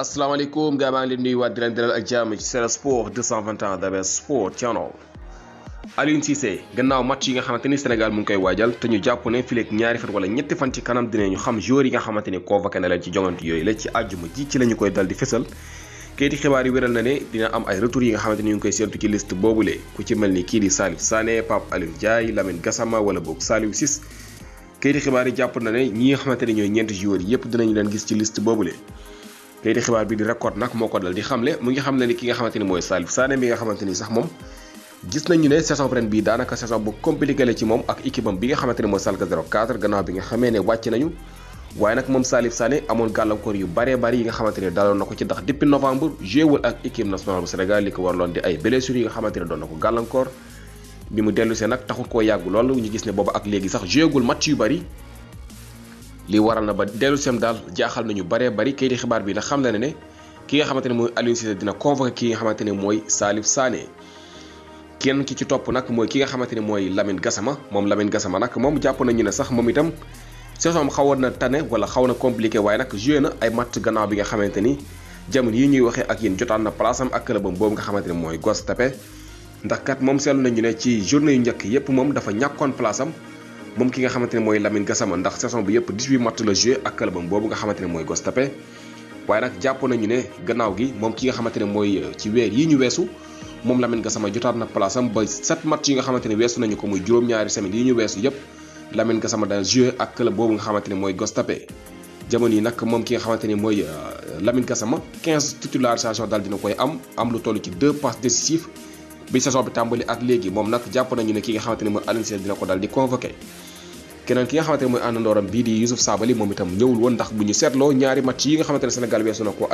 asalaamaaleykum gaa maa ngi leen nuyu waat di leen dalal ak jàmm ci Sen Sport 221 The Best Channel Aliou Cissé gannaaw match yi nga xamante ni Sénégal mu ngi koy waajal te ñu jàpp ne fileeg ñaari fan wala ñetti fan ci kanam dinañu xam joueurs yi nga xamante ni convoqué na leen ci jongante yooyu la ci àjjuma ji ci la koy dal di fësal kayiti xibaar yi wéral na ne dina am ay retours yi nga xamante ni ñu ngi koy séentu ci liste boobule ku ci mel ni kii di Salif Sané Pape wala boog Saliou Ciss kayiti jàpp na ne ñi nga xamante ni ñooy ñeenti joueurs yépp dinañu leen gis ci liste boobule léegi xibaar bi di record nag moo ko dal di xamle mu ngi xam ne ni ki nga xamante ni mooy Salif Sané mi nga xamante ni sax moom gis nañu ne saison ren bi daanaka saison bu compliqué la ci moom ak équipe am bi nga xamante ni mooy Schalke 04 gannaaw bi nga yu baree bari yi nga xamante ne daloon na ko ci ndax depuis novembre jéewul ak équipe nationale bu Sénégal li ko warloon di ay blessures yi nga xamante ne doon na ko gàllankoor bi mu dellusee nag taxul koo yàggu loolu ñu gis ne booba ak léegi sax jéegul match yu bari li waral na ba dellu sem daal jaaxal nañu baree bari kayiti xibaar bi na xam na ne ne ki nga xamante ne mooy Aliou dina convoqué ki nga xamante ne mooy Salif Sané kenn ki ci topp nag mooy ki nga xamante ne mooy Lamine Gassama moom Lamine Gassama nag moom jàpp nañu ne sax moom itam saison am xawoon na tane wala xaw na compliqué waaye nag joué na ay match gannaaw bi nga xamante ni jamono yi ñuy waxee ak yéen jotaan na place am ak clubam boobu nga xamante ne mooy Guas Tapé ndax kat moom seetlu nañu ne ci journée yu njëkk yépp moom dafa ñàkkoon place am moom ki nga xamante ne mooy Lamine Gassama ndax saison bi yëpp 18 match la joué ak clubam boobu nga xamante ne mooy Göztepe waaye nag jàpp nañu ne gannaaw gi moom ki nga xamante ne mooy euh, ci weer yi ñu weesu moom Lamine Gassama jotaat na place am ba 7 match yi nga xamante ne weesu nañu ko muy juróom-ñaari semaine yi ñu weesu yëpp Lamine Gassama daal joué ak club boobu nga xamante ne mooy Göztepe jamono yi nag moom ki nga xamante ne mooy euh, Lamine Gassama 15 titularisation daal dina koy am am lu toll ci 2 passes décisives bi saison bi tàmbali ak léegi moom nag jàpp nañu ne ki nga xamante ne mooy Alioune Sèye dina ko daal di convoqué keneen ki nga xamante ne mooy àndandooram bii di Youssouf Sabaly moom itam ñëwul woon ndax bu ñu seetloo ñaari match yi nga xamante ne Sénégal weesu na ko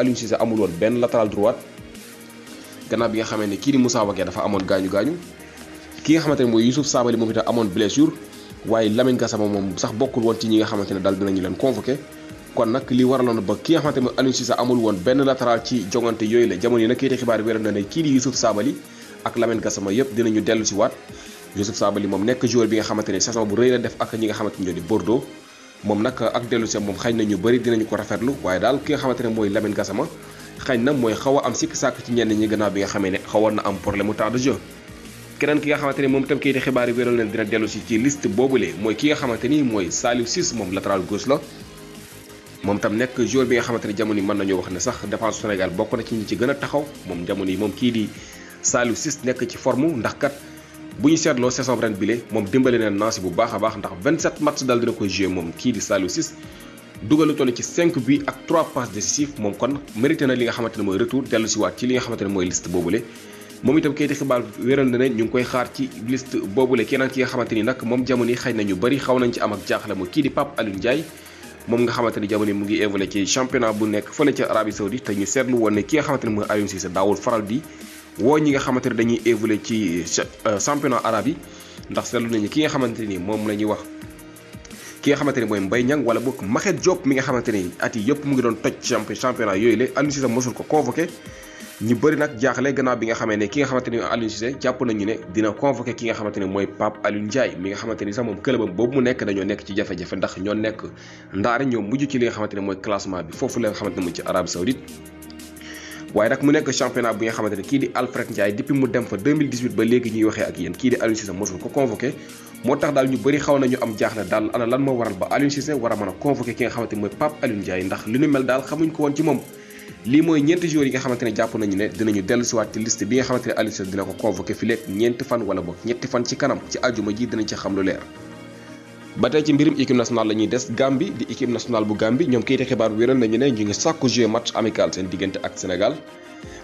amoon gaañu gaañu ki nga xamante ne mooy Youssouf Sabaly moom itam amoon blessure waaye Lamine Gassama moom sax bokkul woon ci ñi nga xamante ne daal dinañu leen convoqué kon nag li waraloon ba ki nga xamante ne mooy Aliou Cissé amul woon benn latéral yooyu la jamono yi nag kii ak Lamine Gassama yépp dinañu dellu ci wat Youssouf sabali mom nek joueur bi nga xamanteni saison bu reuy la def ak ñi nga xamanteni ne di Bordeaux mom nak ak dellu ci mom xañ na ñu bari dinañu ko rafetlu waye dal ki nga xamanteni moy Lamine Gassama xañ na mooy am sik sak ci ñen ñi gënaaw bi nga xamee xawon na am problème mu de jeu keneen ki nga xamanteni mom tam itam kayiti xibaar yi wéral na dina dellu ci ci liste boobule moy ki nga xamanteni moy salif Saliou mom latéral gauche la mom tam nek joueur bi nga xamanteni ni jamono yi mën nañoo wax ne sax défense Sénégal bokk na ci ñi ci gëna taxaw mom jamono yi moom di salu Ciss nek ci forme ndax kat buñu sétlo saison ren bile mom dimbalé né Nancy bu baax a baax ndax 27 matchs dal dina ko jouer mom ki di salu Ciss dugal lu ci 5 buts ak 3 passes décisives mom kon mérité na li nga xamanténi moy retour delu ci wat ci li nga xamanténi moy liste bobulé mom itam kayiti xibaar wéral na ne ñu ngi koy xaar ci liste bobulé kenen ki nga xamanténi nak mom moom jamono yi xëy na ñu bëri xaw nañ ci am ak jaaxle mo ki di pap Alioune ndjay mom nga xamanténi ni jamono mu ngi évoluer ci championnat bu nekk fële ci Arabie Saoudite te ñu sétlu woné ki nga xamanténi moy mooy Aliou Cissé dawul faral di woo ñi nga xamante ne dañuy évoluer ci euh, championnat arabe yi ndax seetlu nañu ki nga xamante ni moom la ñuy wax ki nga xamante ni mooy Mbaye Niang wala boog Maxet Diop mi nga xamante ni at yi yëpp mu ngi doon toj championnat yooyu la Aliou Cissé mosul ko convoqué ñu bëri nag jaaxle gannaaw bi nga xamee ne ki nga xamante ni Aliou Cissé jàpp nañu ne dina convoqué ki nga xamante ni mooy Pape Aliou mi nga xamante ni sax moom këlëbam boobu mu nekk dañoo nekk ci jafe-jafe ndax ñoo nekk ndaari ñoo mujj nga xamante ne mooy classement bi foofu la nga xamante ne ci Arabie Saoudite waye nak mu nek championnat bu nga xamanteni ki di Alfred Ndiaye depuis mu dem fa 2018 ba legui ñuy waxe ak yéen ki di Aliou Cissé mosul ko convoquer motax dal ñu bari xawna ñu am jaaxle dal ana lan mo waral ba Aliou Cissé wara mëna convoquer ki nga xamanteni moy mooy Pape Aliou Ndiaye ndax li nu mel dal xamuñ ko won ci mom li moy ñent joueurs yi nga xamanteni jàpp nañu ne dinañu dellu siwaat ci liste bi nga xamanteni ne Cissé dina ko convoquer fi lek ñent fan wala bok ñetti fan ci kanam ci aljuma ji dinañ ci xam lu leer ba tey ci mbirum équipe nationale la des Gambie di équipe nationale bu Gambie ñoom kayiti xibaar wéral nañu ne ñu ngi sàkku jouer match amical seen diggante ak Sénégal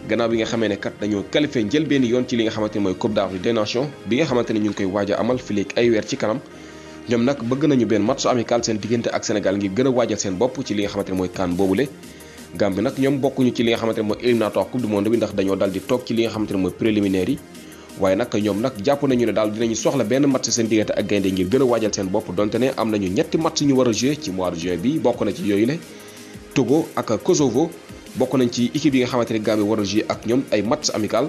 gannaaw bi nga xamee ne dañoo qualifié njël benn yoon ci li nga xamante ne mooy Coupe d'Afrique des Nations bi nga xamante ne ñu ngi koy waaj a amal fileeg ay weer ci kanam ñoom nag bëgg nañu benn match amical seen diggante ak Sénégal ngir gën a waajal seen bopp ci li nga xamante ne mooy CAN boobule Gambie nag ñoom bokkuñu ci li nga xamante ne mooy éliminatoire Coupe du monde bi ci li nga xamante ne mooy préliminaire yi waaye nag ñoom nag jàpp nañu ne daal dinañu soxla benn match seen diggante ak gaynde ngir gën a waajal seen bopp donte ne am nañu ñetti match ñu war a jouer ci mois de bi bokk na ci yooyu le ak Kosovo bokk nañ ci équipe yi nga xamante ne Gambie war a ak ñoom ay match amical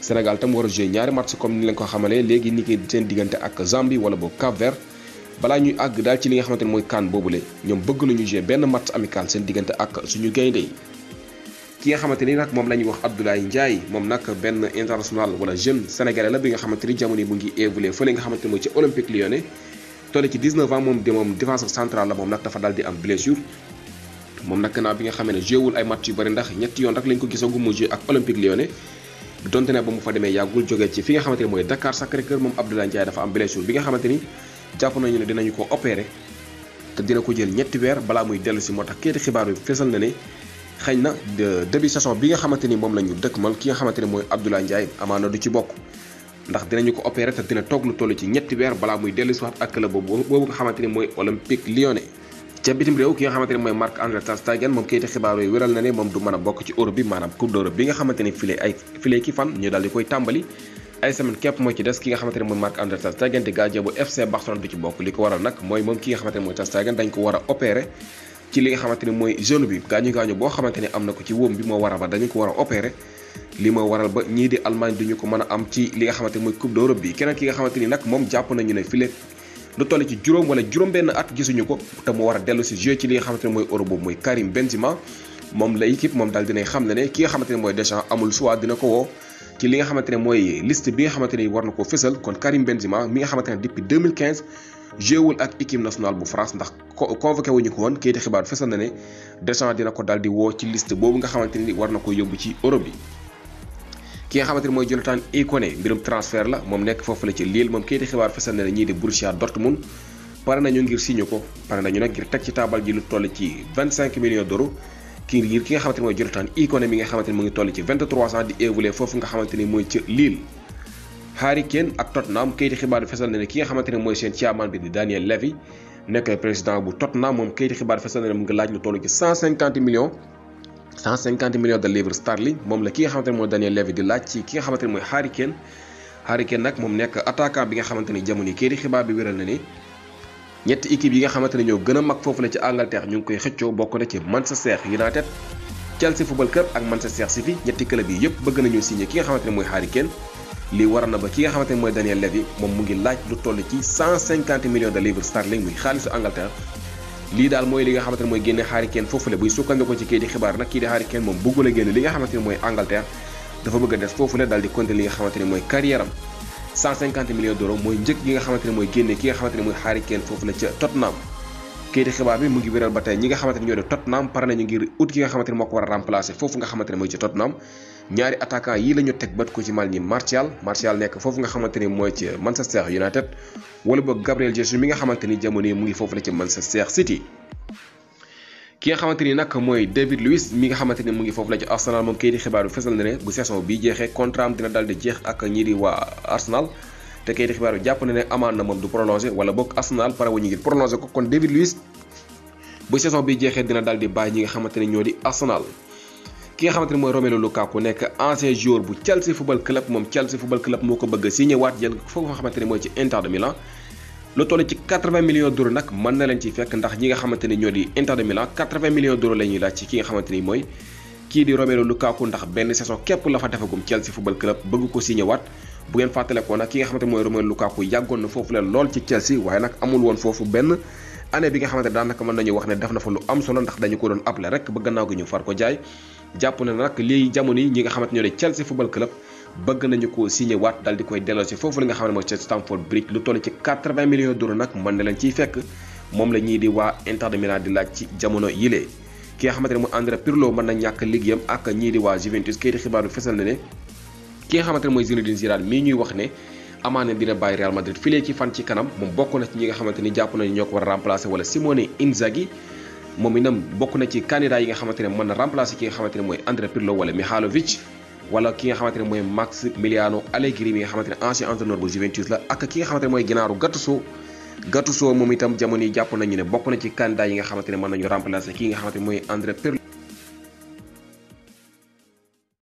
Sénégal tam war a ñaari match comme ni leen ko xamalee léegi ni ki seen diggante ak Zambie wala boog Cap Vert balaa ñuy àgg daal ci li nga xamante mooy kaan boobule ñoom bëgg nañu jouer benn match amical seen diggante ak suñu gaynde ki nga xamante ni nag moom la ñuy wax Abdoulaye Ndiaye moom nag benn international wala jeune sénégalais la bi nga xamante ni jamono yi mu ngi évolué fële nga xamante ni mooy ci Olympique Lyonnais toll ci 19 moom de moom défenseur central la moom nag dafa daal di am blessure moom nag gannaaw bi nga xamee ne jéewul ay match yu bëri ndax ñetti yoon rek lañ ko gisagu mu jé ak Olympique Lyonnais donte ne ba mu fa demee yàggul jógee ci fi nga xamante mooy Dakar Sacré-Cœur moom Abdoulaye Ndiaye dafa am blessure bi nga xamante ni ko opéré te dina ko jël ñetti weer balaa muy dellu si moo tax kéeti xibaar bi fesal xëy na début sason bi nga xamante ni moom la dëkk dëkkmal ki nga xamante ni mooy Abdoulaye Ndiaye amaana du ci bokk ndax dinañu ko opéré te dina toog lu toll ci ñetti weer balaa muy dellu si waat ak club boobu nga xamante mooy Olympique Lyonnais. ca bitim réew ki nga xamante ne mooy Marc André Ter Stegen moom kayiti xibaar yooyu wéral na ne moom du mën a bokk ci Europe bi maanaam coupe d'Europe bi nga xamante file ay file ki fan ñu daal di koy tàmbali ay semaine nga xamante ne mooy Marc André Ter Stegen di gardien bu ne mooy Ter Stegen a opéré ci li nga xamante ni mooy jeune bi gaañu gaañu boo xamante ni am na ko ci wóom bi moo waral ba dañu ko war a li moo waral ba ñii di Allemagne duñu ko mën a am ci li nga xamante ni mooy coupe bi keneen ki nga xamante ni nag moom jàpp nañu ne file lu toll ci benn at gisuñu ko te mu war a dellu si jeu ci li nga xamante ni mooy Euro boobu mooy Karim Benzema moom la équipe moom daal dinay xam ne ne ki nga xamante ne mooy Deschamps amul choix dina ko woo ci li nga xamante ne mooy liste bi nga xamante ni war na koo fësal kon Karim Benzema mi nga xamante depuis jéewul ak équipe nationale bu France ndax convoqué wuñu ko woon kayiti xibaar fesal na ne Deschamps dina ko daal woo ci liste boobu nga xamante ni war na ko yóbbu ci Europe bi. ki nga xamante ni mooy Jonathan Ikoné mbirum transfert la moom nekk foofu la ci Lille moom kayiti xibaar fesal na ne ñii di Borussia Dortmund pare nañu ngir signé ko pare nañu nag ngir teg ci taabal ji lu toll ci 25 millions d'euros. ki ki nga xamante ni mooy Jonathan Ikoné mi nga xamante ni ngi toll ci 23 ans di évoluer foofu nga ni mooy ca Harry Kane ak Tottenham kayiti xibaar bi fesal na ne ki nga xamante ne mooy seen chairman bi di Daniel Levy nekk président bu Tottenham moom kayiti xibaar fesal na ne mu ngi laaj lu toll ci 150 millions 150 millions de livres sterling moom la ki nga xamante ne mooy Daniel Levy di laaj ci ki nga xamante mooy Harry Kane nag moom nekk attaquant bi nga xamante ne jamono yi kayiti xibaar bi wéral na ni ñetti équipe yi nga xamante ne ñoo gën a mag foofu la ci Angleterre ngi koy xëccoo bokk na ci Manchester United Chelsea Football Club bëgg nañu signé ki nga xamante ne mooy Harry Kane li waral na ba ki nga xamante ne mooy Daniel Levy moom mu ngi laaj lu toll ci 150 millions de livres sterling muy xaalisu Angleterre lii daal mooy li nga xamante ne mooy génne Harry Kane foofule buy sukkandiku ci kii di xibaar nag kii di Harry moom bëggul a génne li nga xamante mooy Angleterre dafa bëgg a des foofule daal di continuer li nga xamante ne mooy carrière am 150 millions mooy njëkk gi nga xamante mooy génne ki nga xamante ne mooy Harry Kane foofule ca Tottenham kayiti xibaar bi mu ngi wéral ba tey ñi nga xamante ñoo di Tottenham pare nañu ngir ut ki nga xamante moo a remplacer mooy ci Tottenham ñaari attaquant yii la teg bët ko ci mal ni Martial Martial nekk foofu nga xamante ni mooy ci Manchester United wala Gabriel Jesus mi nga xamante ni jamono mu ngi foofu la ci Manchester City ki nga xamante ni mooy David Luiz mi nga xamante ni mu ngi foofu la ci Arsenal moom kayiti xibaar bi fesal na bu saison bii jeexee di jeex ak ñii di waa te kayit xibaar bi jàpp na ne amaan na moom du prolongé wala boog Arsenal pare wu ñu ngir ko kon David Luiz bu saison bi jeexee dina daal bàyyi ñi nga xamante ne ñoo di Arsenal. ki nga xamante ne mooy Romelu nekk ancien joueur bu Chelsea football club moom Chelsea football club moo ko bëgg a signé waat xamante ne mooy ci Inter de Milan. lu toll ci 80 millions nag mën na leen ci fekk ndax ñi nga xamante ne ñoo di Inter de Milan 80 millions d'euros la ñuy laaj ci ki nga xamante ni mooy kii di Romelu Lukaku ndax benn saison képp la fa defagum Chelsea football club bëgg ko signé waat. bu ngeen fàttalikoo nag ki nga xamante mooy Romelu Lukaku yàggoon na foofu la lool ci Chelsea waaye nag amul woon foofu benn année bi nga xamante ne daanaka mën nañu wax ne def na fa lu am solo ndax dañu ko doon appelé rek ba gannaaw gi ñu far ko jaay jàpp na nag lii jamono yi ñi nga xamante ñoo ne Chelsea Football ko waat dal di koy delloo foofu li nga xam ne mooy ca Stamford Bridge lu toll ci 80 millions d'euros mën na leen ciy fekk moom la ñuy di waa Inter de Milan di laaj ci jamono yilee ki nga xamante ne mooy Andrea Pirlo ñàkk liggéeyam ak ñii di waa Juventus kayit xibaaru ki nga xamante ne mooy Zinedine Zidane mii ñuy wax ne amaana dina bàyyi Real Madrid filee ci fan ci kanam moom bokk na ci ñi nga xamante ni jàpp nañu ñoo ko war a remplacer wala Simone Inzaghi na ci candidat yi nga xamante ne mën na remplacer ki nga xamante ne mooy André Pirlo wala moom itam jamono jàpp nañu ne bokk na ci candidat yi nga xamante ne mën nañu remplacer ki nga xamante mooy André Pirlo